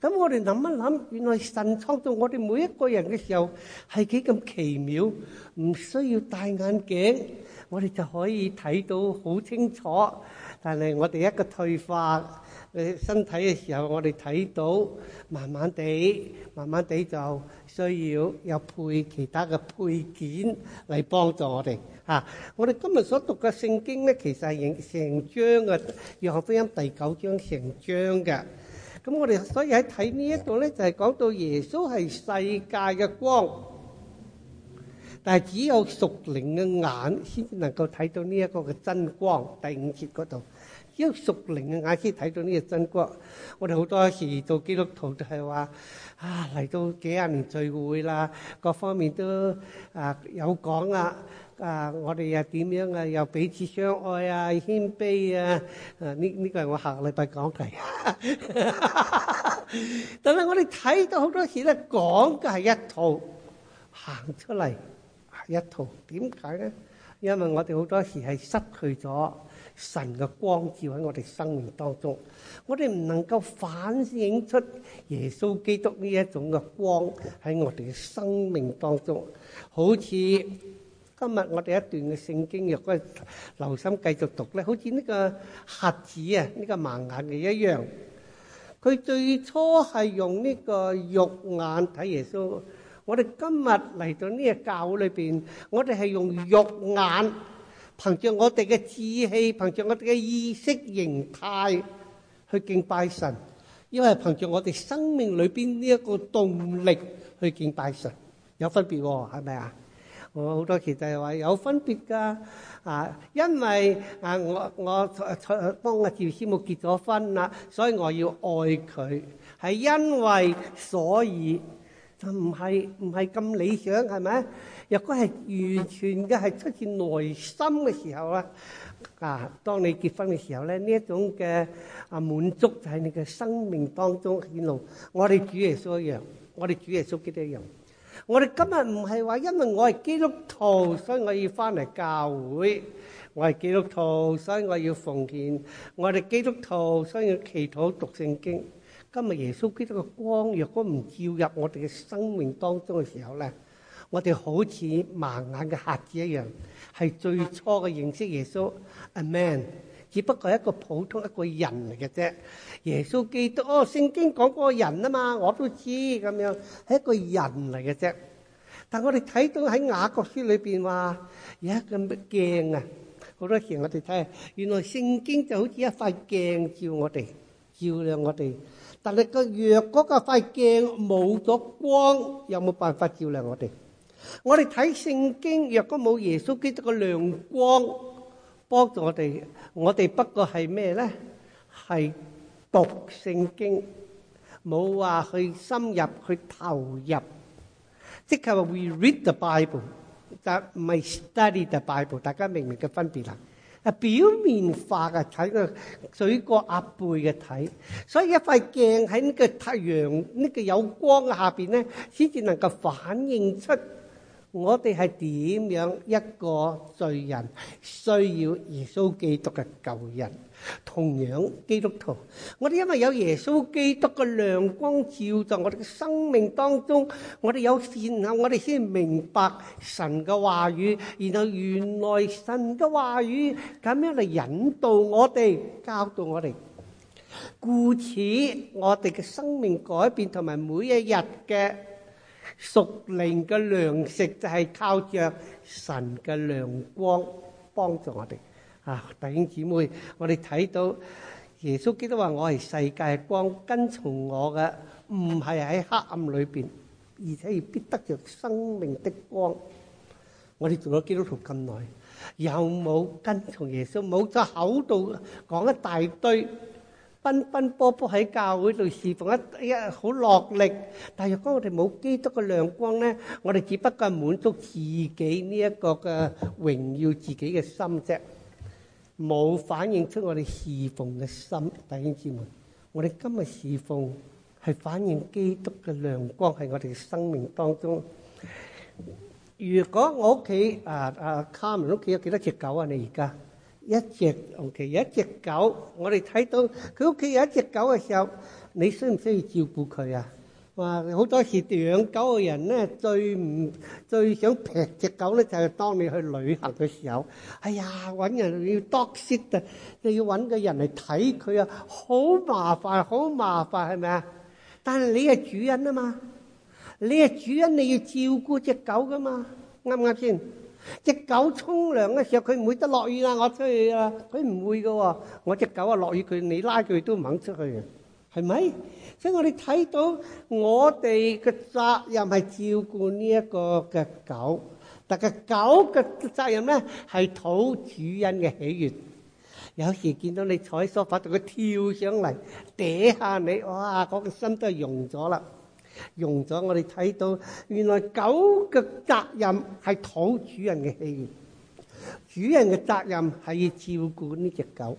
咁我哋諗一諗，原來神創造我哋每一個人嘅時候係幾咁奇妙，唔需要戴眼鏡，我哋就可以睇到好清楚。但係我哋一個退化，你身體嘅時候，我哋睇到慢慢地、慢慢地就需要有配其他嘅配件嚟幫助我哋。嚇！我哋今日所讀嘅聖經咧，其實係成章嘅《約翰福音》第九章成章嘅。咁我哋所以喺睇呢一度咧，就係講到耶穌係世界嘅光，但係只有屬靈嘅眼先至能夠睇到呢一個嘅真光。第五節嗰度，只有屬靈嘅眼先睇到呢個真光。我哋好多時做基督徒就係話啊，嚟到幾廿年聚會啦，各方面都啊有講啦。啊！Uh, 我哋又點樣啊？又彼此相愛啊、謙卑啊！啊，呢呢個係我下個禮拜講題。 但係我哋睇到好多時咧，講嘅係一套，行出嚟係一套。點解咧？因為我哋好多時係失去咗神嘅光照喺我哋生命當中，我哋唔能夠反映出耶穌基督呢一種嘅光喺我哋嘅生命當中，好似～今日我哋一段嘅聖經，若果留心繼續讀咧，好似呢個瞎子啊，呢個盲眼嘅一樣。佢最初係用呢個肉眼睇耶穌。我哋今日嚟到呢個教會裏邊，我哋係用肉眼，憑着我哋嘅志氣，憑着我哋嘅意識形態去敬拜神。因為憑着我哋生命裏邊呢一個動力去敬拜神，有分別喎，係咪啊？我好多時就係話有分別，噶，啊，因為啊，我我幫阿趙師母結咗婚啦，所以我要愛佢，係因為，所以就唔係唔係咁理想，係咪？若果係完全嘅係出自內心嘅時候咧，啊，當你結婚嘅時候咧，呢一種嘅啊滿足就喺你嘅生命當中見到。我哋主耶穌一樣，我哋主耶穌基督一樣。我哋今日唔係話，因為我係基督徒，所以我要返嚟教會。我係基督徒，所以我要奉獻。我哋基督徒，所以要祈禱讀聖經。今日耶穌基督嘅光若果唔照入我哋嘅生命當中嘅時候咧，我哋好似盲眼嘅瞎子一樣，係最初嘅認識耶穌。Amen 只不過係一個普通一個人嚟嘅啫，耶穌基督哦，聖經講嗰人啊嘛，我都知咁樣係一個人嚟嘅啫。但我哋睇到喺雅各書裏邊話有一個咩鏡啊，好多時我哋睇，原來聖經就好似一塊鏡照我哋，照亮我哋。但係個若嗰個塊鏡冇咗光，有冇辦法照亮我哋？我哋睇聖經，若果冇耶穌基督個亮光。幫助我哋，我哋不過係咩咧？係讀聖經，冇話去深入去投入。即係話，we read the Bible，但唔係 study the Bible。大家明唔明嘅分別啦？啊，表面化嘅睇個水過鴨背嘅睇，所以一塊鏡喺呢個太陽呢個有光下邊咧，先至能夠反映出。我哋係點樣一個罪人，需要耶穌基督嘅救人。同樣基督徒，我哋因為有耶穌基督嘅亮光照在我哋嘅生命當中，我哋有善後，我哋先明白神嘅話語。然後原來神嘅話語咁樣嚟引導我哋，教導我哋，故此我哋嘅生命改變同埋每一日嘅。屬靈嘅糧食就係靠着神嘅亮光幫助我哋啊，弟兄姊妹，我哋睇到耶穌基督話我係世界光，跟從我嘅唔係喺黑暗裏邊，而且亦必得着生命的光。我哋做咗基督徒咁耐，又有冇跟從耶穌？冇咗口度講一大堆。奔奔波波喺教會度侍奉一一，好落力，但係若果我哋冇基督嘅亮光咧，我哋只不過係滿足自己呢一個嘅榮耀自己嘅心啫，冇反映出我哋侍奉嘅心。弟兄姊妹，我哋今日侍奉係反映基督嘅亮光，係我哋嘅生命當中。如果我屋企啊啊，卡門屋企有幾多隻狗啊？你而家？一隻 OK，一隻狗，我哋睇到佢屋企有一隻狗嘅時候，你需唔需要照顧佢啊？哇！好多時養狗嘅人咧，最唔最想撇隻狗咧，就係當你去旅行嘅時候，哎呀，揾人要 dog sit 要揾個人嚟睇佢啊，好麻煩，好麻煩，係咪啊？但係你係主人啊嘛，你係主人，你要照顧隻狗噶嘛，啱唔啱先？隻狗沖涼嘅時候，佢唔會得落雨啦，我出去啦，佢唔會噶喎。我隻狗啊，落雨佢你拉佢都唔肯出去，係咪？所以我哋睇到我哋嘅責任係照顧呢一個嘅狗，但係狗嘅責任咧係討主人嘅喜悅。有時見到你坐喺梳化度，佢跳上嚟嗲下你，哇！我個心都係融咗啦～用咗我哋睇到，原來狗嘅責任係討主人嘅喜悅，主人嘅責任係要照顧呢隻狗。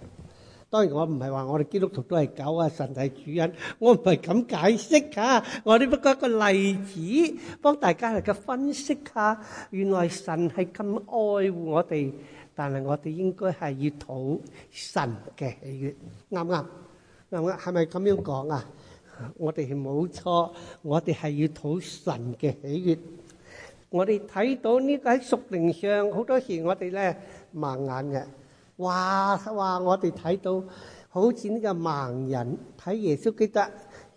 當然我唔係話我哋基督徒都係狗啊，神係主人，我唔係咁解釋啊。我哋不過一個例子，幫大家嚟，嘅分析下，原來神係咁愛護我哋，但係我哋應該係要討神嘅喜悅。啱唔啱？啱唔？係咪咁樣講啊？我哋係冇錯，我哋係要討神嘅喜悅。我哋睇到呢個喺屬靈上，好多時我哋咧盲眼嘅。哇哇！我哋睇到好似呢個盲人睇耶穌基督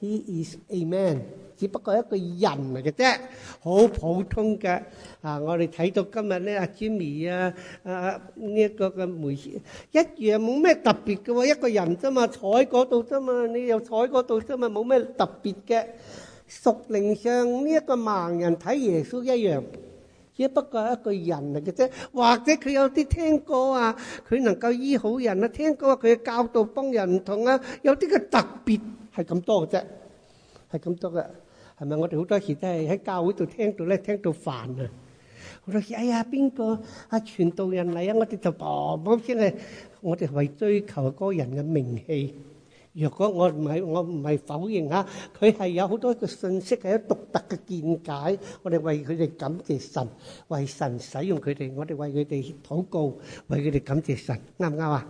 ，He is a man. 只不過一個人嚟嘅啫，好普通嘅啊！我哋睇到今日咧，阿、啊、Jimmy 啊，啊呢一、這個嘅媒、啊、一樣冇咩特別嘅喎，一個人啫嘛，坐喺嗰度啫嘛，你又坐喺嗰度啫嘛，冇咩特別嘅。屬靈上呢一個盲人睇耶穌一樣，只不過一個人嚟嘅啫。或者佢有啲聽過啊，佢能夠醫好人啊，聽過佢、啊、嘅教導幫人唔同啊，有啲嘅特別係咁多嘅啫，係咁多嘅。係咪我哋好多時都係喺教會度聽到咧，聽到煩啊！好多時，哎呀，邊個阿傳道人嚟？啊，我哋就噉樣聽啊！我哋為追求嗰個人嘅名氣，若果我唔係，我唔係否認啊，佢係有好多嘅信息，係有獨特嘅見解。我哋為佢哋感謝神，為神使用佢哋，我哋為佢哋禱告，為佢哋感謝神，啱唔啱啊？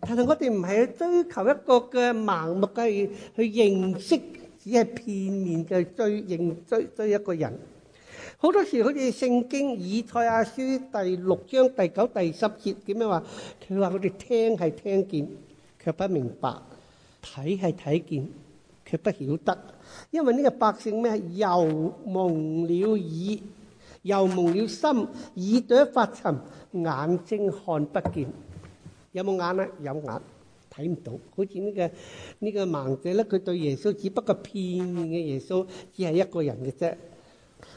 但係我哋唔係去追求一個嘅盲目嘅去去認識。只係片面嘅追認追追一個人，好多時好似聖經以賽亞書第六章第九、第十節點樣話？佢話佢哋聽係聽見，卻不明白；睇係睇見，卻不曉得。因為呢個百姓咩？又蒙了耳，又蒙了心，耳朵發沉，眼睛看不見。有冇眼啊？有眼。睇唔到，好似呢個呢個盲者咧。佢對耶穌只不過片面嘅，耶穌只係一個人嘅啫。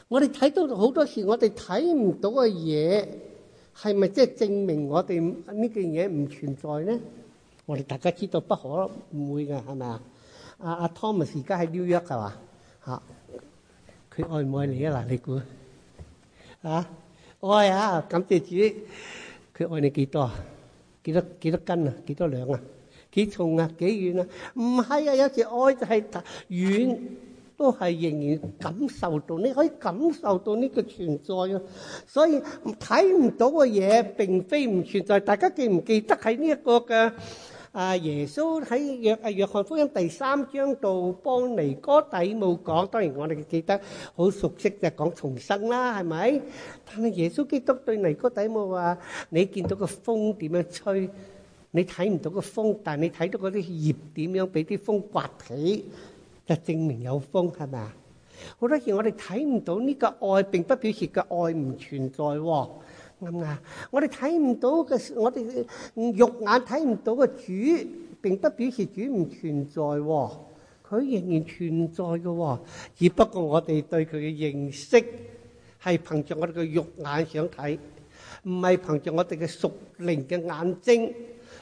我哋睇到好多時，我哋睇唔到嘅嘢係咪即係證明我哋呢件嘢唔存在咧？我哋大家知道不可唔會㗎，係咪啊？阿阿 Thomas 而家喺 New York 係嘛嚇？佢、啊、愛唔愛你，你啊？嗱，你估啊？愛啊！感謝主。佢愛你幾多？幾多幾多斤啊？幾多兩啊？幾重啊？幾遠啊？唔係啊！有時愛就係遠，都係仍然感受到，你可以感受到呢個存在咯。所以睇唔到嘅嘢，並非唔存在。大家記唔記得喺呢一個嘅啊耶穌喺約啊約翰福音第三章度幫尼哥底母講？當然我哋記得好熟悉就係講重生啦，係咪？但係耶穌基督對尼哥底母話：你見到個風點樣吹？你睇唔到個風，但係你睇到嗰啲葉點樣俾啲風刮起，就證明有風係咪啊？好多時我哋睇唔到呢個愛，並不表示個愛唔存在喎、哦。啱唔啱？我哋睇唔到嘅，我哋肉眼睇唔到個主，並不表示主唔存在喎、哦。佢仍然存在嘅、哦，只不過我哋對佢嘅認識係憑着我哋嘅肉眼想睇，唔係憑着我哋嘅屬靈嘅眼睛。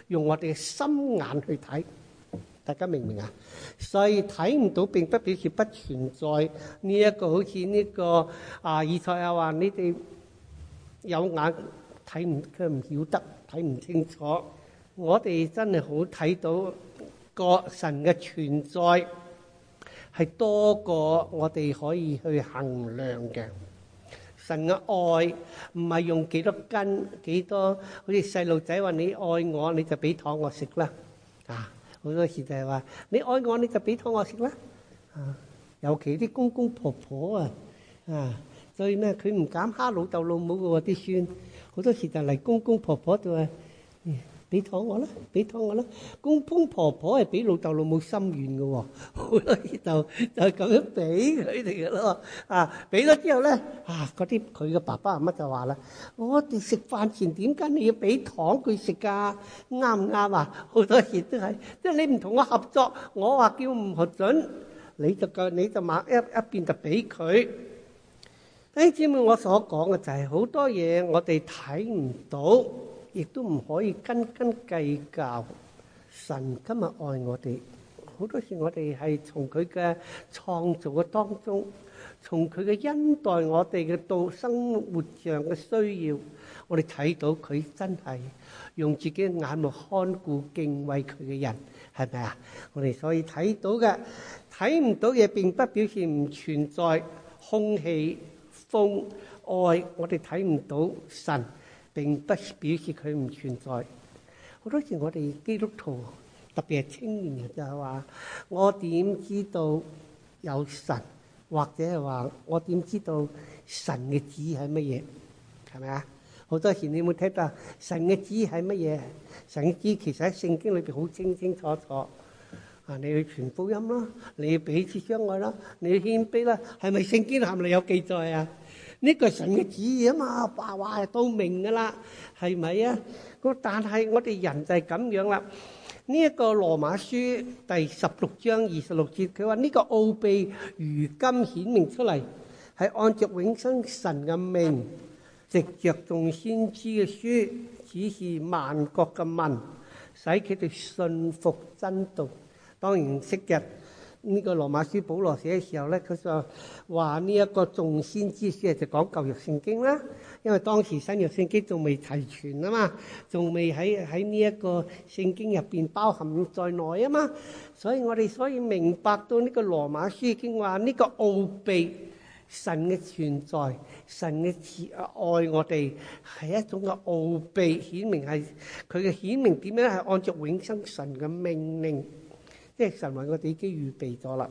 用我哋嘅心眼去睇，大家明唔明啊？所以睇唔到，並不表示不存在呢一，這個好似呢、這個啊，以賽亞話你哋有眼睇唔，佢唔曉得睇唔清楚。我哋真係好睇到個神嘅存在係多過我哋可以去衡量嘅。神嘅愛唔係用幾多斤幾多，好似細路仔話你愛我你就俾糖我食啦。啊好多時就係、是、話你愛我你就俾糖我食啦，啊尤其啲公公婆婆啊啊，所以咩佢唔敢蝦老豆老母喎啲、啊、孫，好多時就嚟公公婆婆度、啊。俾糖我啦，俾糖我啦！公公婆婆係俾老豆老母心願嘅喎，好多時就就咁樣俾佢哋嘅咯。啊，俾咗之後咧，啊嗰啲佢嘅爸爸阿媽就話啦：我哋食飯前點解你要俾糖佢食㗎？啱唔啱啊？好多時都係，即係你唔同我合作，我話叫唔核准，你就咁你就擘一一邊就俾佢。哎，弟兄姊妹，我所講嘅就係好多嘢，我哋睇唔到。亦都唔可以斤斤計較。神今日愛我哋，好多時我哋係從佢嘅創造嘅當中，從佢嘅恩待我哋嘅到生活上嘅需要，我哋睇到佢真係用自己嘅眼目看顧敬畏佢嘅人，係咪啊？我哋所以睇到嘅、睇唔到嘢並不表示唔存在。空氣、風、愛，我哋睇唔到神。並不是表示佢唔存在。好多時我哋基督徒，特別係青年人就係話：我點知道有神？或者係話我點知道神嘅旨意係乜嘢？係咪啊？好多時你有冇聽到神嘅旨意係乜嘢？神嘅旨意其實喺聖經裏邊好清清楚楚。啊，你要傳福音啦，你要彼此相愛啦，你要謙卑啦，係咪聖經冚唥有記載啊？呢個神嘅旨意啊嘛，白話係都明噶啦，係咪啊？個但係我哋人就係咁樣啦。呢、這、一個羅馬書第十六章二十六節，佢話呢個奧秘如今顯明出嚟，係按照永生神嘅命，直着眾先知嘅書，指示萬國嘅民，使佢哋信服真道。當然，昔日。呢個羅馬書保羅寫嘅時候咧，佢就話呢一個眾先知書就講舊約聖經啦，因為當時新約聖經仲未齊全啊嘛，仲未喺喺呢一個聖經入邊包含在內啊嘛，所以我哋所以明白到呢個羅馬書已經話呢個奧秘神嘅存在，神嘅愛愛我哋係一種嘅奧秘，顯明係佢嘅顯明，點樣係按照永生神嘅命令。即係神為我哋已經預備咗啦。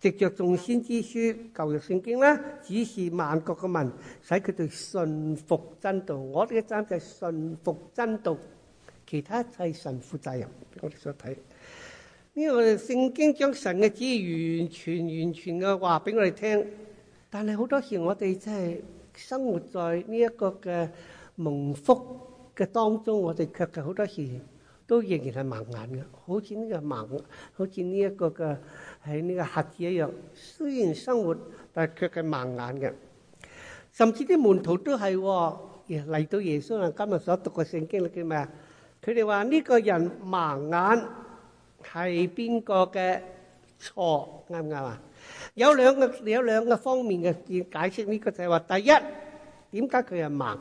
藉着眾先知書、舊約聖經咧，指示萬國嘅民，使佢哋信服真道。我哋嘅站就係信服真道，其他一切神負責任。俾我哋所睇呢個聖經將神嘅旨意完全完全嘅話俾我哋聽，但係好多時我哋真係生活在呢一個嘅蒙福嘅當中，我哋卻係好多時都仍然係盲眼嘅。好似呢個盲，好似呢一個嘅喺呢個瞎、這個、子一樣。雖然生活，但係卻係盲眼嘅。甚至啲門徒都係嚟、哦、到耶穌啊！今日所讀嘅聖經叫咩啊？佢哋話呢個人盲眼係邊個嘅錯？啱唔啱啊？有兩個有兩個方面嘅解解釋，呢個就係話：第一，點解佢係盲？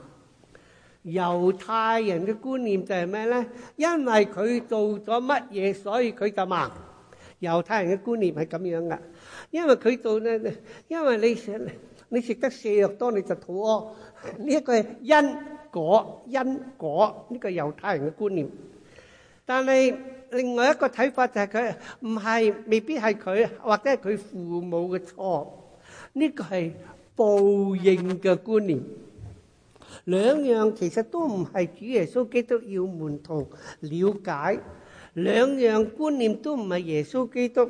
猶太人嘅觀念就係咩咧？因為佢做咗乜嘢，所以佢就盲。猶太人嘅觀念係咁樣噶。因為佢做咧，因為你你食得瀉藥多，你就肚屙。呢一個係因果，因果呢個係猶太人嘅觀念。但係另外一個睇法就係佢唔係未必係佢或者係佢父母嘅錯。呢個係報應嘅觀念。兩樣其實都唔係主耶穌基督要門徒了解。兩樣觀念都唔係耶穌基督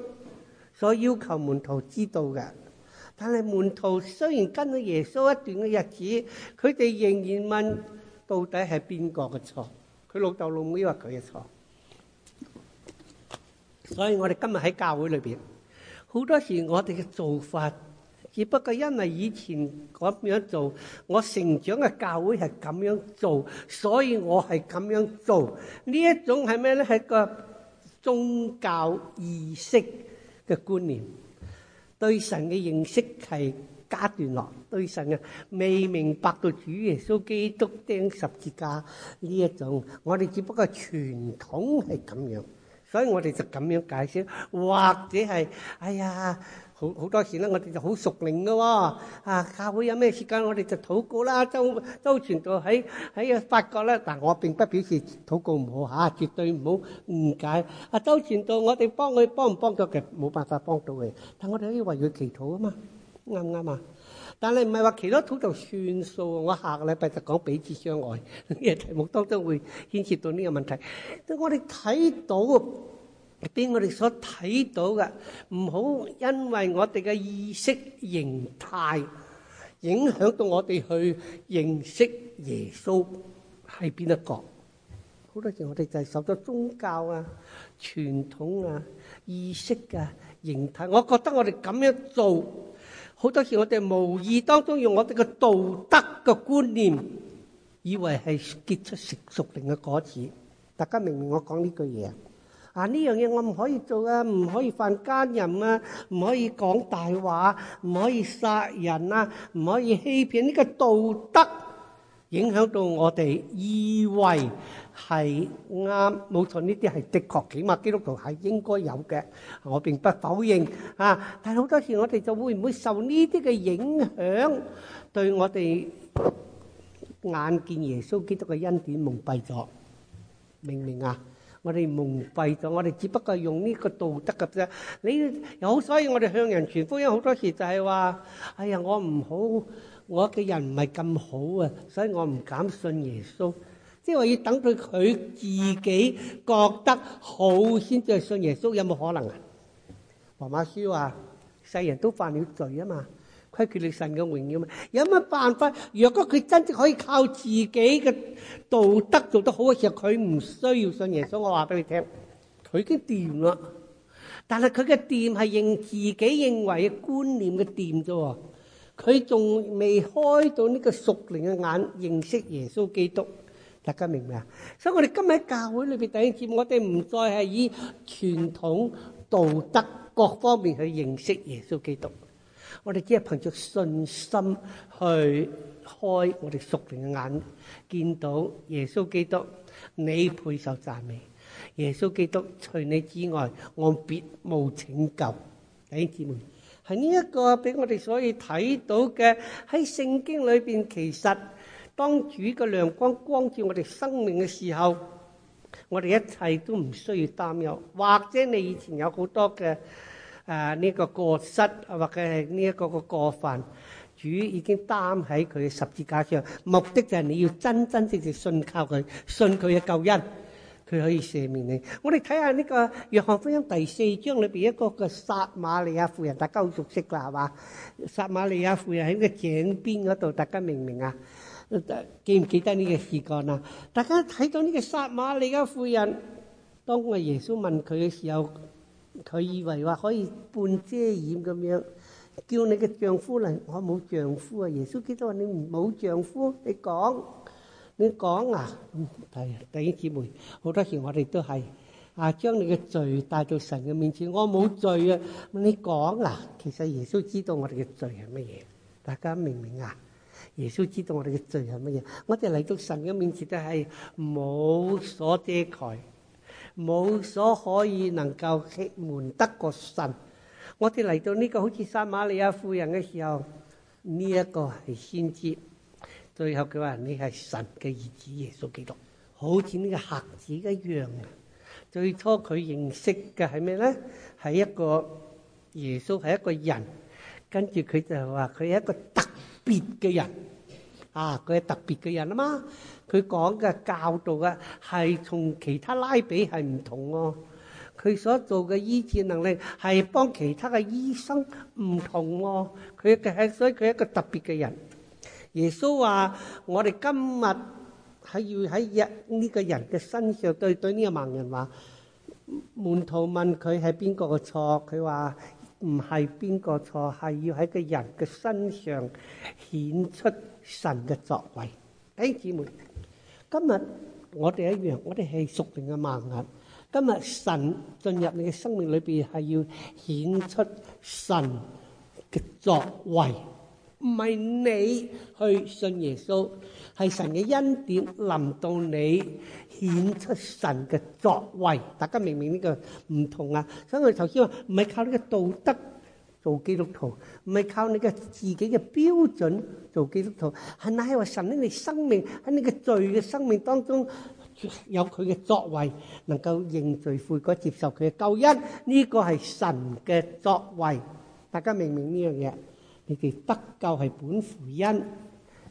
所要求門徒知道嘅。但係門徒雖然跟咗耶穌一段嘅日子，佢哋仍然問，到底係邊個嘅錯？佢老豆老妹話佢嘅錯。所以我哋今日喺教會裏邊，好多時我哋嘅做法。只不過因為以前咁樣做，我成長嘅教會係咁樣做，所以我係咁樣做。呢一種係咩咧？係個宗教意識嘅觀念，對神嘅認識係階段落。對神啊，未明白到主耶穌基督釘十字架呢一種，我哋只不過傳統係咁樣，所以我哋就咁樣解釋，或者係哎呀。好好多時咧，我哋就好熟練嘅喎。啊，教會有咩時間，我哋就禱告啦。周周傳道喺喺啊法國咧，但我並不表示禱告唔好吓，絕對唔好誤解。啊，周傳道，我哋幫佢幫唔幫到嘅，其實冇辦法幫到佢。但我哋可以為佢祈禱啊嘛，啱唔啱啊？但係唔係話祈多禱就算數？我下個禮拜就講彼此相愛嘅題目當中會牽涉到呢個問題。我哋睇到。入邊我哋所睇到嘅，唔好因為我哋嘅意識形態影響到我哋去認識耶穌係邊一個。好多時我哋就係受咗宗教啊、傳統啊、意識嘅、啊、形態。我覺得我哋咁樣做，好多時我哋無意當中用我哋嘅道德嘅觀念，以為係結出成熟定嘅果子。大家明唔明我講呢句嘢？啊！呢樣嘢我唔可以做啊，唔可以犯奸淫啊，唔可以講大話，唔可以殺人啊，唔可以欺騙。呢個道德影響到我哋，以為係啱，冇錯，呢啲係的確，起碼基督徒係應該有嘅，我並不否認啊。但係好多時我哋就會唔會受呢啲嘅影響，對我哋眼見耶穌基督嘅恩典蒙蔽咗，明唔明啊？我哋蒙蔽咗，我哋只不過用呢個道德嘅啫。你有，所以我哋向人傳福音好多時就係話，哎呀，我唔好，我嘅人唔係咁好啊，所以我唔敢信耶穌。即係話要等到佢自己覺得好先至係信耶穌，有冇可能啊？羅馬書話：世人都犯了罪啊嘛。佢叫你神嘅榮耀嘛？有乜辦法？若果佢真正可以靠自己嘅道德做得好嘅時候，佢唔需要信耶穌。我話俾你聽，佢已經掂啦。但係佢嘅掂係認自己認為嘅觀念嘅掂啫。佢仲未開到呢個屬靈嘅眼，認識耶穌基督。大家明唔明啊？所以我哋今日喺教會裏邊第一節，我哋唔再係以傳統道德各方面去認識耶穌基督。我哋只係憑着信心去開我哋屬靈嘅眼，見到耶穌基督，你配受讚美。耶穌基督，除你之外，我別無拯救。弟兄姊妹，係呢一個俾我哋所以睇到嘅喺聖經裏邊，其實當主嘅亮光光照我哋生命嘅時候，我哋一切都唔需要擔憂。或者你以前有好多嘅。啊！呢、這個過失或者係呢一個個過犯，主已經擔喺佢十字架上。目的就係你要真真正正信靠佢，信佢嘅救恩，佢可以赦免你。我哋睇下呢、這個約翰福音第四章裏邊一個嘅撒瑪利亞婦人，大家好熟悉啦，係嘛？撒瑪利亞婦人喺個井邊嗰度，大家明唔明啊？記唔記得呢個事幹啊？大家睇到呢個撒瑪利亞婦人，當個耶穌問佢嘅時候。佢以為話可以半遮掩咁樣，叫你嘅丈夫嚟，我冇丈夫啊！耶穌基督話你唔冇丈夫，你講，你講啊！弟兄姊妹，好多時我哋都係啊，將你嘅罪帶到神嘅面前，我冇罪啊！你講啊，其實耶穌知道我哋嘅罪係乜嘢，大家明唔明啊？耶穌知道我哋嘅罪係乜嘢，我哋嚟到神嘅面前都係冇所遮蓋。冇所可以能夠欺瞞得個神，我哋嚟到呢、這個好似撒瑪利亞婦人嘅時候，呢、這、一個係先知。最後佢話：你係神嘅兒子耶穌基督，好似呢個瞎子一樣啊！最初佢認識嘅係咩咧？係一個耶穌係一個人，跟住佢就話佢係一個特別嘅人。啊！佢係特別嘅人啊嘛，佢講嘅教導嘅係同其他拉比係唔同喎、哦。佢所做嘅醫治能力係幫其他嘅醫生唔同喎、哦。佢嘅係，所以佢係一個特別嘅人。耶穌話，我哋今日係要喺日呢個人嘅身上對對呢個盲人話，門徒問佢係邊個嘅錯，佢話唔係邊個錯，係要喺個人嘅身上顯出神嘅作為，弟兄姊妹，今日我哋一樣，我哋係屬靈嘅盲眼。今日神進入你嘅生命裏邊，係要顯出神嘅作為，唔係你去信耶穌，係神嘅恩典臨到你，顯出神嘅作為。大家明明呢個唔同啊！所以我哋頭先話唔係靠呢個道德。做基督徒唔係靠你嘅自己嘅標準做基督徒，係乃係話神喺你生命喺你嘅罪嘅生命當中有佢嘅作為，能夠認罪悔改接受佢嘅救恩，呢個係神嘅作為。大家明唔明呢樣嘢？你哋得救係本乎恩，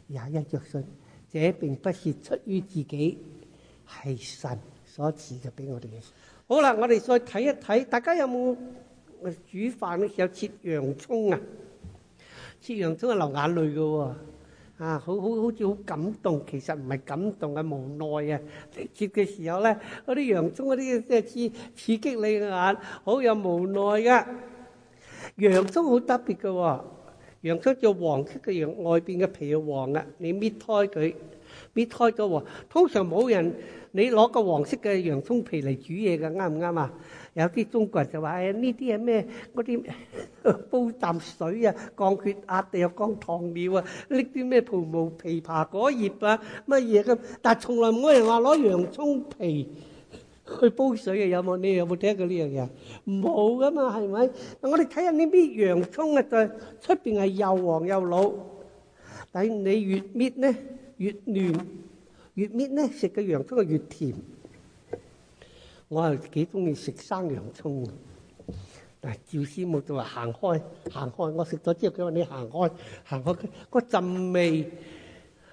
也因着信。這並不是出於自己，係神所賜嘅俾我哋嘅。好啦，我哋再睇一睇，大家有冇？我煮飯嘅時候切洋葱啊！切洋葱係流眼淚嘅喎、哦，啊，好好好似好感動，其實唔係感動，係無奈啊！切嘅時候咧，嗰啲洋葱嗰啲即係刺刺激你嘅眼，好有無奈嘅、啊。洋葱好特別嘅、哦，洋葱叫黃色嘅洋葱，外邊嘅皮係黃啊。你搣開佢，搣開咗、哦、通常冇人，你攞個黃色嘅洋葱皮嚟煮嘢嘅，啱唔啱啊？有啲中國人就話：哎呢啲係咩？嗰啲 煲啖水啊，降血壓定又降糖尿啊？拎啲咩葡萄皮、枇杷果葉啊乜嘢咁？但係從來冇人話攞洋葱皮去煲水嘅、啊，有冇？你有冇聽過呢樣嘢？冇噶嘛，係咪？嗱，我哋睇下呢啲洋葱啊，就係出邊係又黃又老，但你越搣咧越嫩，越搣咧食嘅洋葱就越甜。我係幾中意食生洋葱嘅，但係趙師母就話行開行開，我食咗之後，佢話你行開行開，嗰陣味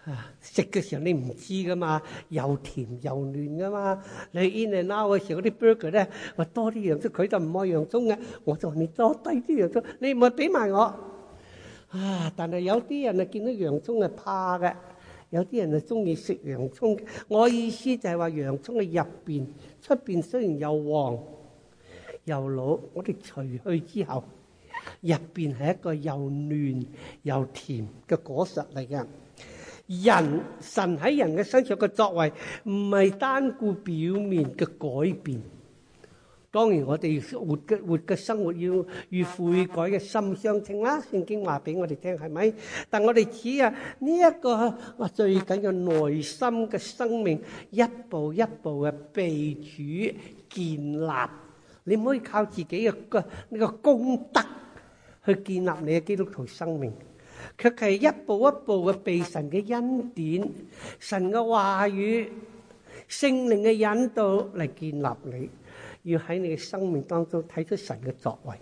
啊食嘅時候你唔知噶嘛，又甜又嫩噶嘛。In-N-Out 嘅時候，嗰啲 burger 咧，我話多啲洋葱，佢就唔愛洋葱嘅，我就話你多低啲洋葱，你唔好俾埋我啊！但係有啲人啊見到洋葱係怕嘅。有啲人就中意食洋葱，我意思就係話洋葱嘅入邊、出邊雖然又黃又老，我哋除去之後，入邊係一個又嫩又甜嘅果實嚟嘅。人神喺人嘅身上嘅作為，唔係單顧表面嘅改變。當然，我哋活嘅活嘅生活要與悔改嘅心相稱啦。聖經話俾我哋聽，係咪？但係我哋只啊呢一個我最緊要內心嘅生命，一步一步嘅被主建立。你唔可以靠自己嘅個呢個功德去建立你嘅基督徒生命，卻係一步一步嘅被神嘅恩典、神嘅話語、聖靈嘅引導嚟建立你，要喺你嘅生命當中睇出神嘅作為，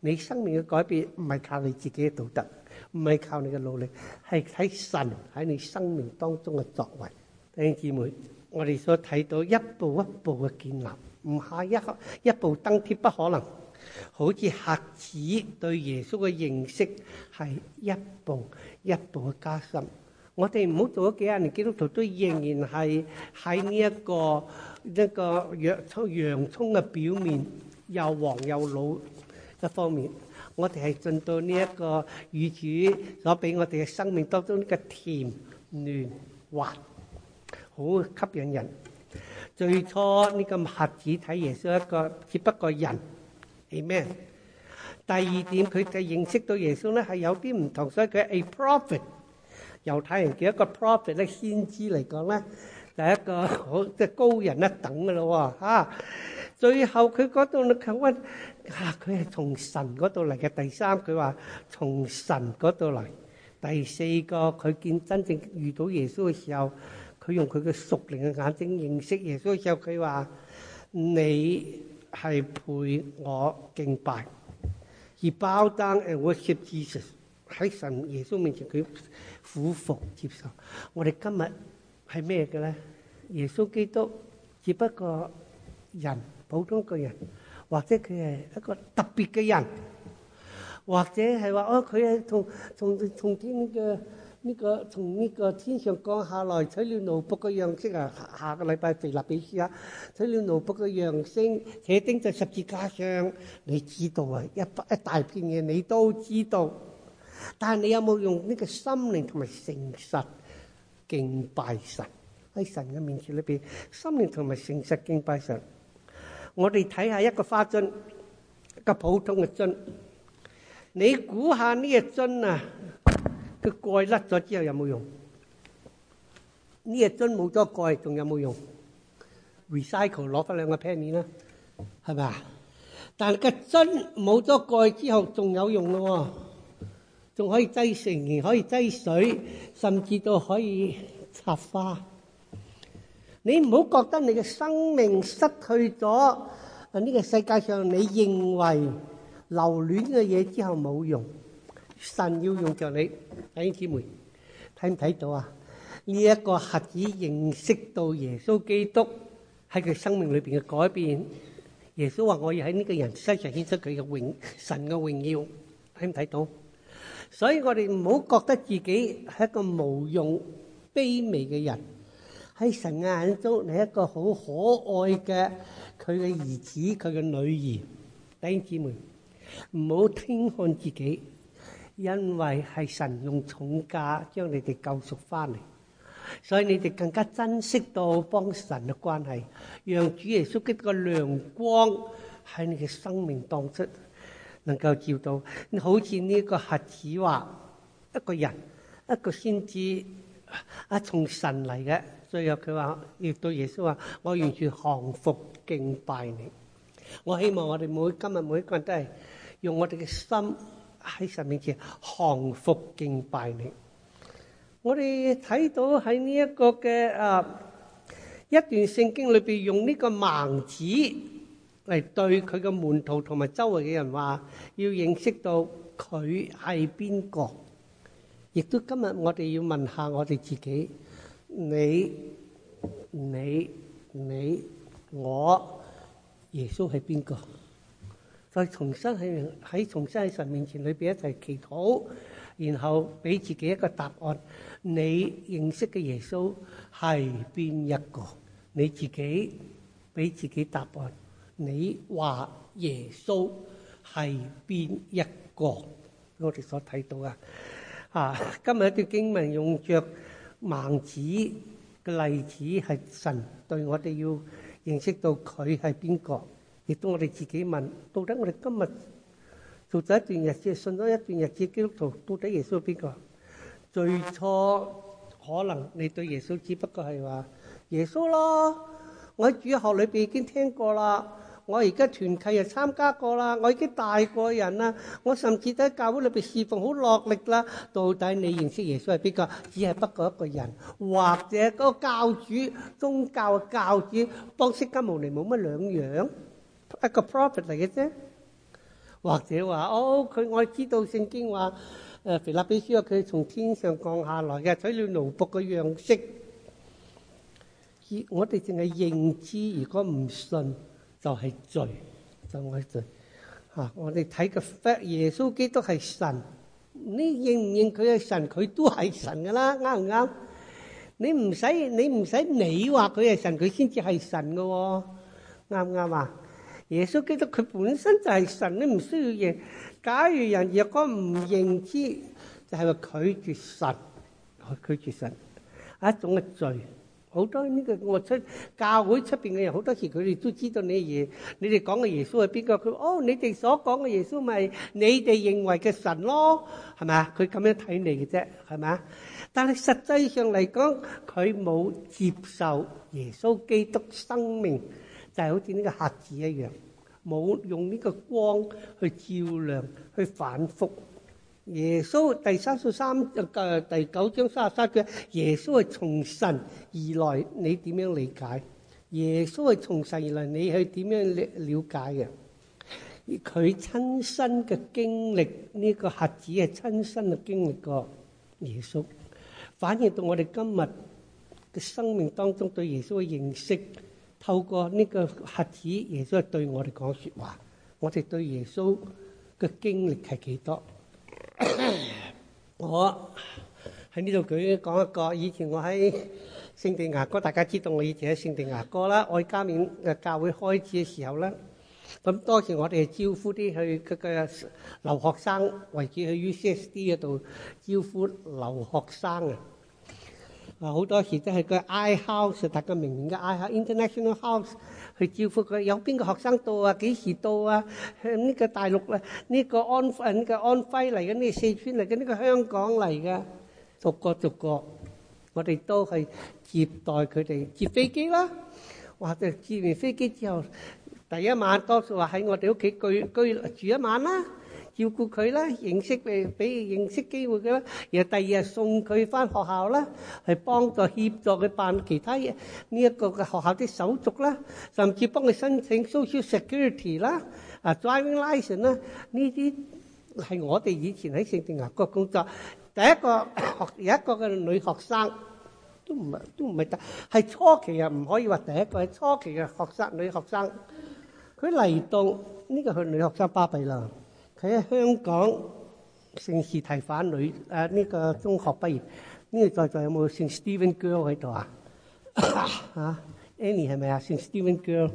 你生命嘅改變唔係靠你自己嘅道德，唔係靠你嘅努力，係睇神喺你生命當中嘅作為。弟兄姊妹，我哋所睇到一步一步嘅建立，唔係一一步登天，不可能。好似瞎子對耶穌嘅認識係一步一步嘅加深。我哋唔好做咗幾廿年基督徒，都仍然係喺呢一個一、這個洋葱嘅表面又黃又老一方面。我哋係進到呢一個主所俾我哋嘅生命當中嘅、這個、甜、嫩、滑，好吸引人。最初呢個瞎子睇耶穌一個只不過人，Amen。第二點，佢哋認識到耶穌咧係有啲唔同，所以佢係 prophet 猶太人嘅一個 prophet 咧，先知嚟講咧，就係、一個好即係高人一等嘅咯喎。最後佢嗰度呢？佢屈嚇佢係從神嗰度嚟嘅。第三，佢話從神嗰度嚟。第四個佢見真正遇到耶穌嘅時候，佢用佢嘅屬靈嘅眼睛認識耶穌嘅時候，佢話你係配我敬拜而 bow down and worship Jesus 喺神耶穌面前，佢俯伏接受。我哋今日係咩嘅咧？耶穌基督只不過人，普通嘅人，或者佢係一個特別嘅人，或者係話哦，佢係從從從天嘅呢、這個從呢個天上降下來，取了奴僕嘅樣式啊！下個禮拜腓立比書啊，取了奴僕嘅樣式，且釘在十字架上。你知道啊，一一大片嘢，你都知道。但係你有冇用呢個心靈同埋誠實敬拜神？喺神嘅面前裏邊，心靈同埋誠實敬拜神。我哋睇下一個花樽，一個普通嘅樽。你估下呢個樽啊？個蓋甩咗之後有冇用？呢個樽冇咗蓋仲有冇用？Recycle 攞翻兩個 piece 啦，係咪啊？但係個樽冇咗蓋之後仲有用咯，哦。仲可以擠成，然可以擠水，甚至都可以插花。你唔好覺得你嘅生命失去咗啊！呢個世界上你認為留戀嘅嘢之後冇用，神要用著你，弟兄姊妹睇唔睇到啊？呢一個盒子認識到耶穌基督喺佢生命裏邊嘅改變。耶穌話，我要喺呢個人身上顯出佢嘅榮，神嘅榮耀。睇唔睇到？所以我哋唔好覺得自己係一個無用卑微嘅人，喺神嘅眼中你係一個好可愛嘅佢嘅兒子、佢嘅女兒，弟兄姊妹唔好輕看自己，因為係神用重價將你哋救贖翻嚟，所以你哋更加珍惜到幫神嘅關係，讓主耶穌嘅亮光喺你嘅生命當中。能夠照到，好似呢個瞎子話一個人一個先知阿從、啊、神嚟嘅。最後佢話，要對耶穌話，我完全降服敬拜你。我希望我哋每今日每一個人都係用我哋嘅心喺神面前降服敬拜你。我哋睇到喺呢一個嘅啊一段聖經裏邊，用呢個盲子。嚟對佢嘅門徒同埋周圍嘅人話，要認識到佢係邊個。亦都今日我哋要問下我哋自己，你、你、你、我，耶穌係邊個？再重新喺喺重新喺神面前裏邊一齊祈禱，然後俾自己一個答案。你認識嘅耶穌係邊一個？你自己俾自己答案。你話耶穌係邊一個？我哋所睇到啊！啊，今日一段經文用着盲子嘅例子，係神對我哋要認識到佢係邊個，亦都我哋自己問到底我哋今日做咗一段日子，信咗一段日子基督徒，到底耶穌係邊個？最初可能你對耶穌只不過係話耶穌咯，我喺主學裏邊已經聽過啦。我而家團契又參加過啦，我已經大過人啦，我甚至都喺教會裏邊侍奉好落力啦。到底你認識耶穌係邊個？只係不過一個人，或者個教主、宗教嘅教主、同釋迦牟尼冇乜兩樣，一個 prophet 嚟嘅啫。或者話哦，佢我知道聖經話誒腓立比書啊，佢從天上降下來嘅，取了奴僕嘅樣式。我哋淨係認知，如果唔信。就係罪，就是、我係罪。嚇、 啊！我哋睇個 fact，耶穌基督係神，你認唔認佢係神？佢都係神噶啦，啱唔啱？你唔使，你唔使你話佢係神，佢先至係神噶喎，啱唔啱啊？耶穌基督佢本身就係神，你唔需要認。假如人若果唔認知，就係話拒絕神，拒、啊、絕神係一、啊、種嘅罪。好多呢個我出教會出邊嘅人，好多時佢哋都知道你嘢，你哋講嘅耶穌係邊個？佢話哦，你哋所講嘅耶穌咪你哋認為嘅神咯，係咪啊？佢咁樣睇你嘅啫，係咪啊？但係實際上嚟講，佢冇接受耶穌基督生命，就係、是、好似呢個瞎子一樣，冇用呢個光去照亮，去反覆。耶穌第三十三，誒，第九章三十三句，耶穌係從神而來，你點樣理解？耶穌係從神而來，你係點樣了了解嘅？佢親身嘅經歷呢個核子係親身嘅經歷過耶穌，反映到我哋今日嘅生命當中對耶穌嘅認識，透過呢個核子，耶穌係對我哋講說話，我哋對耶穌嘅經歷係幾多？ 我喺呢度舉講一個，以前我喺聖地牙哥，大家知道我以前喺聖地牙哥啦。我今年嘅教會開始嘅時候咧，咁當時我哋招呼啲去嘅留學生為主，去 U C S D 嗰度招呼留學生啊。啊！好多時都係個 I house，大家明明嘅 I house，International House 去招呼佢。有邊個學生到啊？幾時到啊？呢、這個大陸咧，呢、這個這個安徽嘅安徽嚟嘅，呢、這個、四川嚟嘅，呢、這個香港嚟嘅，逐個逐個，我哋都係接待佢哋接飛機啦。或者接完飛機之後，第一晚多數話喺我哋屋企居居住一晚啦。照顧佢啦，認識佢俾認識機會嘅啦，然後第二日送佢翻學校啦，係幫助協助佢辦其他嘢呢一個嘅學校啲手續啦，甚至幫佢申請 social security 啦，啊 driving license 啦，呢啲係我哋以前喺聖地牙哥工作第一個學，有一個嘅女學生都唔係都唔係第係初期啊，唔可以話第一個係初期嘅學生女學生，佢嚟到呢個係女學生巴閉啦。喺香港，姓士提反女，誒、呃、呢、呢個中學畢業，呢個在座有冇姓 Steven Girl 喺度啊？ 啊，Annie 係咪啊？姓 Steven Girl？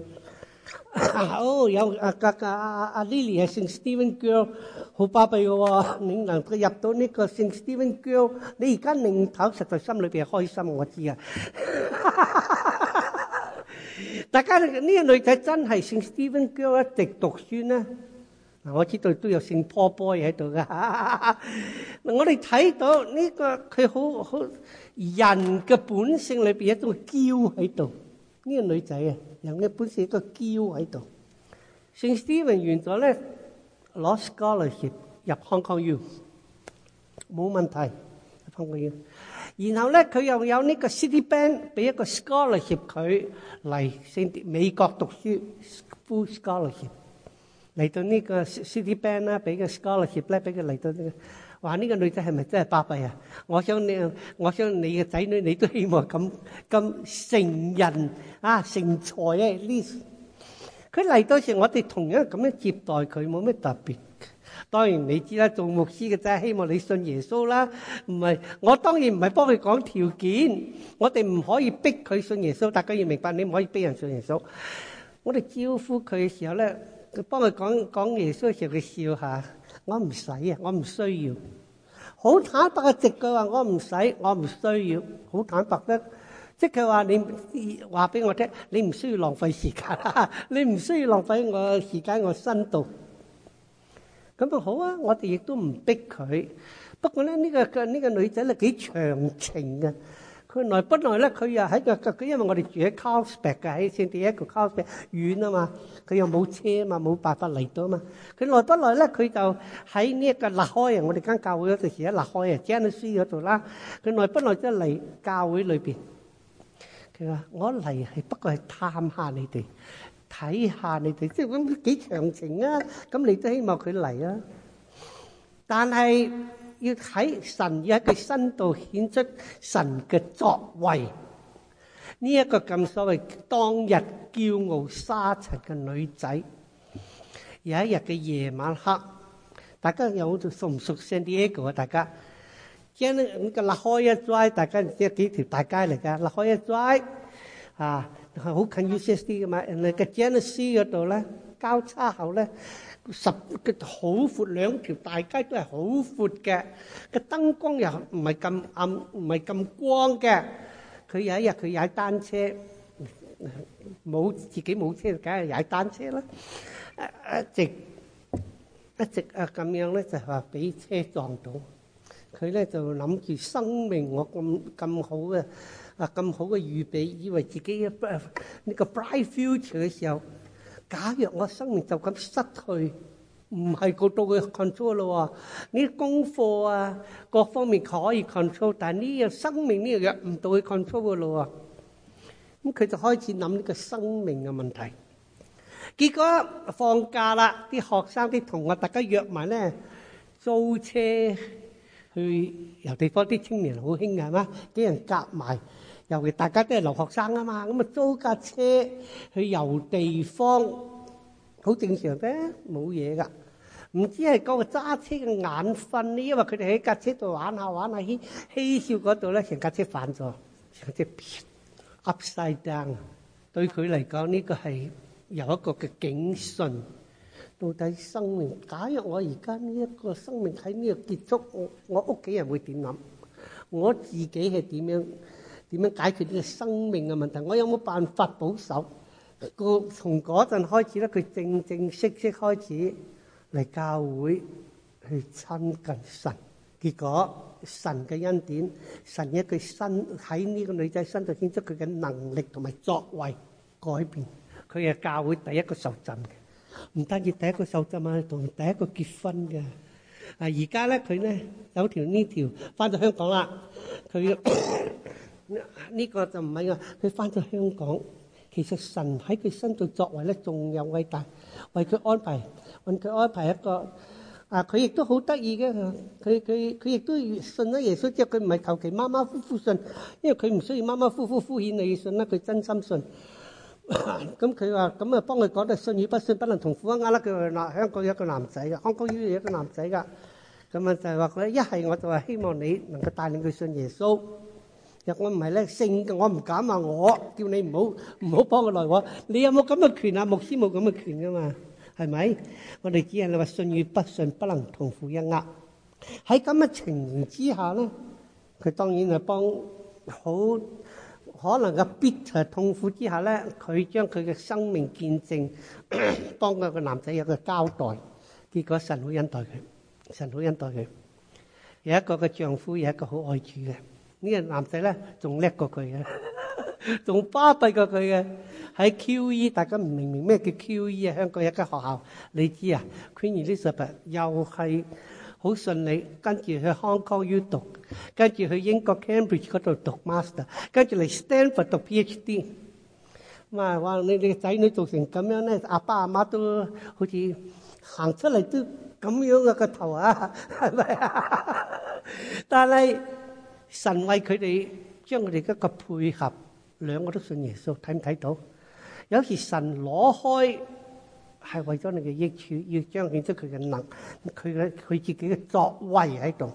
哦，有啊啊啊啊 Lily 係姓 Steven Girl，好巴閉嘅喎，你能佢入到呢個姓 Steven Girl，你而家名頭實在心裏邊開心，我知啊。 大家呢個女仔真係姓 Steven Girl 一直讀書呢？嗱，我知道都有姓 Paul Boy 喺度噶，嗱，我哋睇到呢個，佢好好人嘅本性裏邊一種嬌喺度，呢個女仔啊，人嘅本性一個嬌喺度。姓 Steven 完咗咧，攞 scholarship 入 Hong Kong U 冇問題，Hong Kong U。然後咧，佢又有呢個 City Band 俾一個 scholarship 佢嚟先美國讀書 full scholarship。嚟到呢個 city band 啦，俾個 scholarship 咧，俾佢嚟到呢個。話呢個女仔係咪真係巴閉啊？我想你，我想你嘅仔女，你都希望咁咁成人啊成才咧呢？佢嚟到時，我哋同樣咁樣接待佢，冇咩特別。當然你知啦，做牧師嘅真係希望你信耶穌啦。唔係，我當然唔係幫佢講條件，我哋唔可以逼佢信耶穌。大家要明白，你唔可以逼人信耶穌。我哋招呼佢嘅時候咧。佢幫佢講講耶穌嘅時候，佢笑下：「我唔使啊，我唔需要，好坦白嘅直句話，我唔使，我唔需要，好坦白得，即係佢話你話俾我聽，你唔需要浪費時間，你唔需要浪費我時間，我身度咁啊好啊，我哋亦都唔逼佢，不過咧呢、這個嘅呢、這個女仔咧幾長情嘅。佢耐不耐咧？佢又喺個佢，因為我哋住喺 Cousset 嘅喺聖地一個 Cousset 遠啊嘛，佢又冇車啊嘛，冇辦法嚟到啊嘛。佢耐不耐咧？佢就喺呢一個立開啊！我哋間教會嗰陣時喺立開啊，將啲書嗰度啦。佢耐不耐即係嚟教會裏邊。佢話：我嚟係不過係探下你哋，睇下你哋，即係咁幾長情啊！咁你都希望佢嚟啊？但係。要喺神以一個身度顯出神嘅作為，呢、這、一個咁所謂當日驕傲沙塵嘅女仔，有一日嘅夜晚黑，大家有冇熟唔熟悉 San Diego 啊？大家將呢個 La Jolla Drive，大家唔知有幾條大街嚟噶？La Jolla Drive 啊，好近 UCSD 嘅嘛，人哋個 Genesee 嗰度咧，交叉口咧。十嘅好闊，兩條大街都係好闊嘅。個燈光又唔係咁暗，唔係咁光嘅。佢有一日佢踩單車，冇自己冇車，梗係踩單車啦。一直一直啊咁樣咧，就話俾車撞到。佢咧就諗住生命我咁咁好嘅啊，咁好嘅預備，以為自己啊，呢個 bright future 嘅時候。假若我生命就咁失去，唔係個到佢 control 咯喎？呢啲功課啊，各方面可以 control，但呢樣生命呢樣嘢唔到佢 control 嘅咯喎。咁、嗯、佢就開始諗呢個生命嘅問題。結果放假啦，啲學生啲同學大家約埋咧，租車去有地方，啲青年好興嘅係嘛，幾人夾埋。尤其大家都係留學生啊嘛，咁啊租架車去遊地方，好正常啫，冇嘢㗎。唔知係個揸車嘅眼瞓咧，因為佢哋喺架車度玩下玩下，嬉笑嗰度咧，成架車反咗，成架車 upside down。對佢嚟講，呢個係有一個嘅警訊。到底生命，假若我而家呢一個生命喺呢度結束，我我屋企人會點諗？我自己係點樣？點樣解決呢個生命嘅問題？我有冇辦法保守個？從嗰陣開始咧，佢正正式式開始嚟教會去親近神。結果神嘅恩典，神一句身喺呢個女仔身上顯出佢嘅能力同埋作為改變。佢係教會第一個受浸嘅，唔單止第一個受浸啊，同第一個結婚嘅啊。而家咧，佢咧有條呢條返到香港啦，佢。 呢個就唔係個，佢返咗香港，其實神喺佢身度作為咧，仲有偉大，為佢安排，為佢安排一個啊！佢亦都好得意嘅，佢佢佢亦都信咗耶穌，即係佢唔係求其馬馬虎虎信，因為佢唔需要馬馬虎虎敷衍你信啦，佢真心信。咁佢話：咁啊，幫佢講得信與不信不能同負一軛。佢話：嗱，香港有一個男仔嘅，香港有一個男仔㗎。咁啊，就係話咧，一係我就話希望你能夠帶領佢信耶穌。若我唔係咧，聖我唔敢話我叫你唔好唔好幫佢來喎。你有冇咁嘅權啊？牧師冇咁嘅權㗎嘛？係咪？我哋只係你話信與不信不能同苦一軛。喺咁嘅情形之下咧，佢當然係幫好可能嘅 bitter 痛苦之下咧，佢將佢嘅生命見證 幫個個男仔有個交代。結果神好恩待佢，神好恩待佢。有一個嘅丈夫，有一個好愛主嘅。呢個男仔咧，仲叻過佢嘅，仲巴閉過佢嘅。喺 QE，大家唔明明咩叫 QE 啊？香港一間學校，你知啊？Queen Elizabeth 又係好順利，跟住去 Hong Kong U 讀，跟住去英國 Cambridge 嗰度讀 master，跟住嚟 Stanford 讀 PhD。嘛，話你你個仔女做成咁樣咧，阿爸阿媽都好似行出嚟都咁樣嘅個頭啊，係咪？但係。神為佢哋將佢哋一個配合，兩個都信耶穌，睇唔睇到？有時神攞開係為咗你嘅益處，要彰顯出佢嘅能，佢嘅佢自己嘅作為喺度。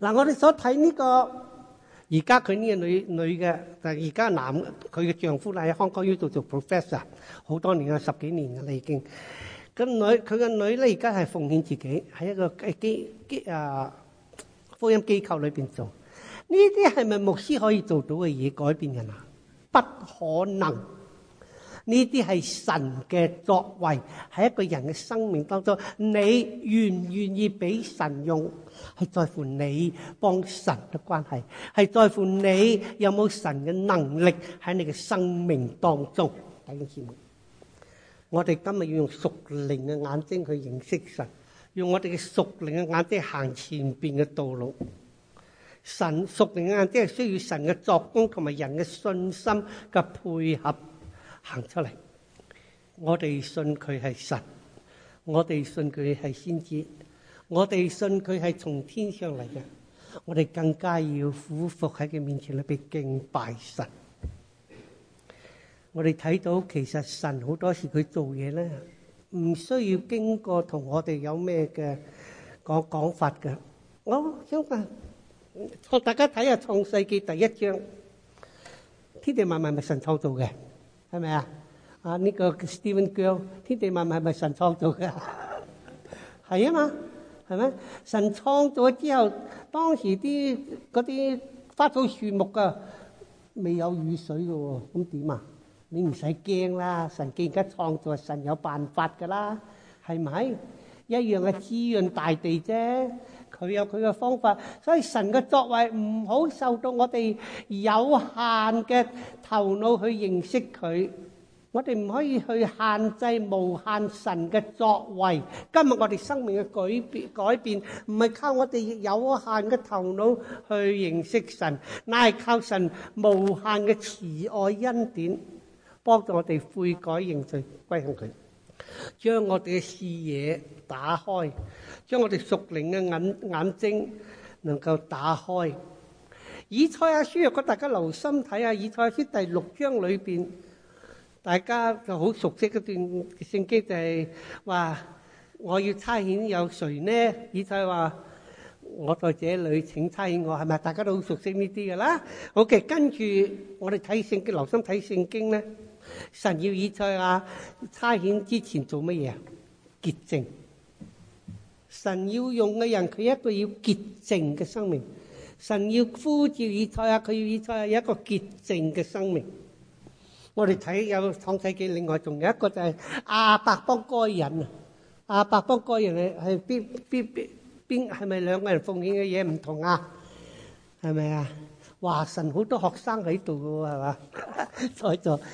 嗱，我哋所睇呢個，而家佢呢個女女嘅，就而家男佢嘅丈夫啦，喺香港 U 度做 professor，好多年啦，十幾年啦，已經。咁女佢嘅女咧，而家係奉獻自己喺一個機機啊，福音機構裏邊做。呢啲係咪牧師可以做到嘅嘢，改變人啊？不可能！呢啲係神嘅作為，喺一個人嘅生命當中，你願唔願意俾神用，係在乎你幫神嘅關係，係在乎你有冇神嘅能力喺你嘅生命當中。弟兄姊妹，我哋今日要用屬靈嘅眼睛去認識神，用我哋嘅屬靈嘅眼睛行前邊嘅道路。神屬靈啊，即係需要神嘅作工，同埋人嘅信心嘅配合行出嚟。我哋信佢係神，我哋信佢係先知，我哋信佢係從天上嚟嘅。我哋更加要俯伏喺佢面前裏邊敬拜神。我哋睇到其實神好多時佢做嘢咧，唔需要經過同我哋有咩嘅講講法嘅。我、哦、想問。我大家睇下創世記第一章，天地萬物係咪神創造嘅，係咪啊？啊、這、呢個 Steven Girl，天地萬物係咪神創造嘅？係啊嘛，係咪？神創造之後，當時啲嗰啲花草樹木啊，未有雨水噶，咁點啊？你唔使驚啦，神既然而家創造，神有辦法噶啦，係咪？一樣嘅滋潤大地啫。佢有佢嘅方法，所以神嘅作為唔好受到我哋有限嘅頭腦去認識佢。我哋唔可以去限制無限神嘅作為。今日我哋生命嘅改變改變，唔係靠我哋有限嘅頭腦去認識神，乃係靠神無限嘅慈愛恩典，幫助我哋悔改認罪，歸向佢。將我哋嘅視野打開，將我哋熟靈嘅眼眼睛能夠打開。以賽亞書，若果大家留心睇下以賽亞書第六章裏邊，大家就好熟悉嗰段聖經就係話我要差遣有誰呢？以賽話我在這裏，請差遣我係咪？大家都好熟悉呢啲噶啦。好嘅，跟住我哋睇聖經，留心睇聖經咧。神要以賽亞、啊、差遣之前做乜嘢？潔淨。神要用嘅人，佢一個要潔淨嘅生命。神要呼召以賽亞、啊，佢要以賽亞、啊、一個潔淨嘅生命。我哋睇有《創世記》，另外仲有一個就係阿伯方該人。阿伯方該人係係邊邊邊邊係咪兩個人奉獻嘅嘢唔同啊？係咪啊？哇！神好多學生喺度噶係嘛？在座。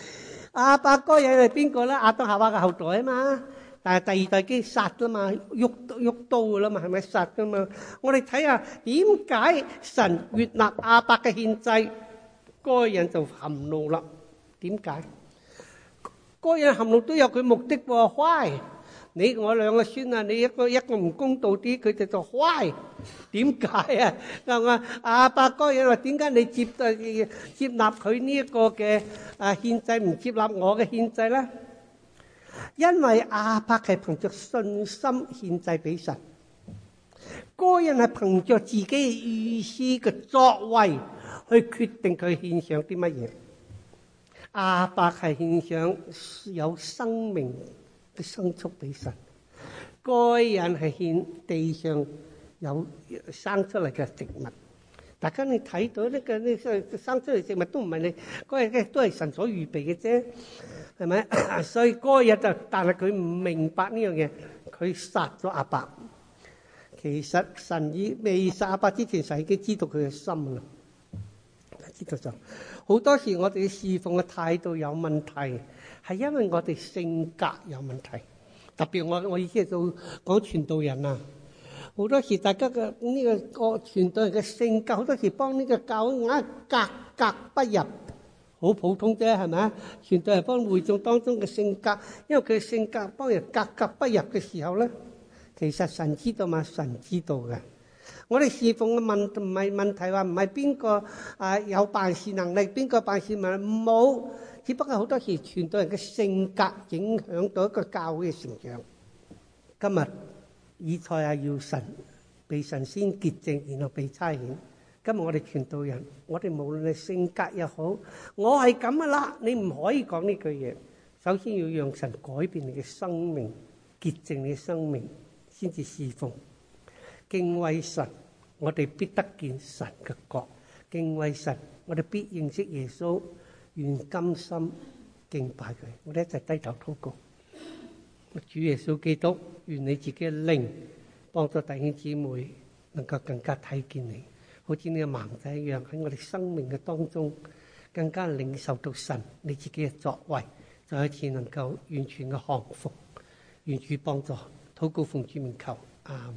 阿伯嗰人係邊個呢？亞當夏娃嘅後代啊嘛，但係第二代已經殺啦嘛，喐喐刀噶啦嘛，係咪殺噶嘛？我哋睇下點解神越納阿伯嘅獻祭，嗰人就含怒啦？點解？嗰人含怒都有佢目的喎、啊、why？你我兩個孫啊，你一個一個唔公道啲，佢哋就：，why？點解啊？是是阿阿阿伯哥又話，點解你接納接納佢、啊、呢一個嘅誒獻祭，唔接納我嘅獻祭咧？因為阿伯係憑着信心獻祭俾神，嗰人係憑着自己意思嘅作為去決定佢獻上啲乜嘢。阿伯係獻上有生命。牲畜俾神，該隱係獻地上有生出嚟嘅植物。大家你睇到呢個呢生出嚟植物都唔係你，該隱都係神所預備嘅啫，係咪？ 所以該隱就，但係佢唔明白呢樣嘢，佢殺咗亞伯。其實神已未殺亞伯之前，神已經知道佢嘅心啦。知道就好多時，我哋侍奉嘅態度有問題。係因為我哋性格有問題，特別我我意思係做講傳道人啊，好多時大家嘅呢、這個個傳道人嘅性格，好多時幫呢個教友格格不入，好普通啫係咪啊？傳道人幫會眾當中嘅性格，因為佢嘅性格幫人格格不入嘅時候咧，其實神知道嘛，神知道嘅。我哋侍奉嘅問題唔係問題話唔係邊個啊有辦事能力，邊個辦事能力冇。只不過好多時傳道人嘅性格影響到一個教會嘅成長。今日以賽亞，要神被神先潔淨，然後被差遣。今日我哋傳道人，我哋無論你性格又好，我係咁嘅啦，你唔可以講呢句嘢。首先要讓神改變你嘅生命，潔淨你嘅生命，先至侍奉。敬畏神，我哋必得見神嘅國；敬畏神，我哋必認識耶穌。願甘心敬拜佢，我哋一齊低頭禱告。主耶穌基督，願你自己嘅靈幫助弟兄姊妹，能夠更加睇見你，好似呢個盲仔一樣喺我哋生命嘅當中，更加領受到神你自己嘅作為，再一次能夠完全嘅降服，願主幫助，禱告奉主名求，阿。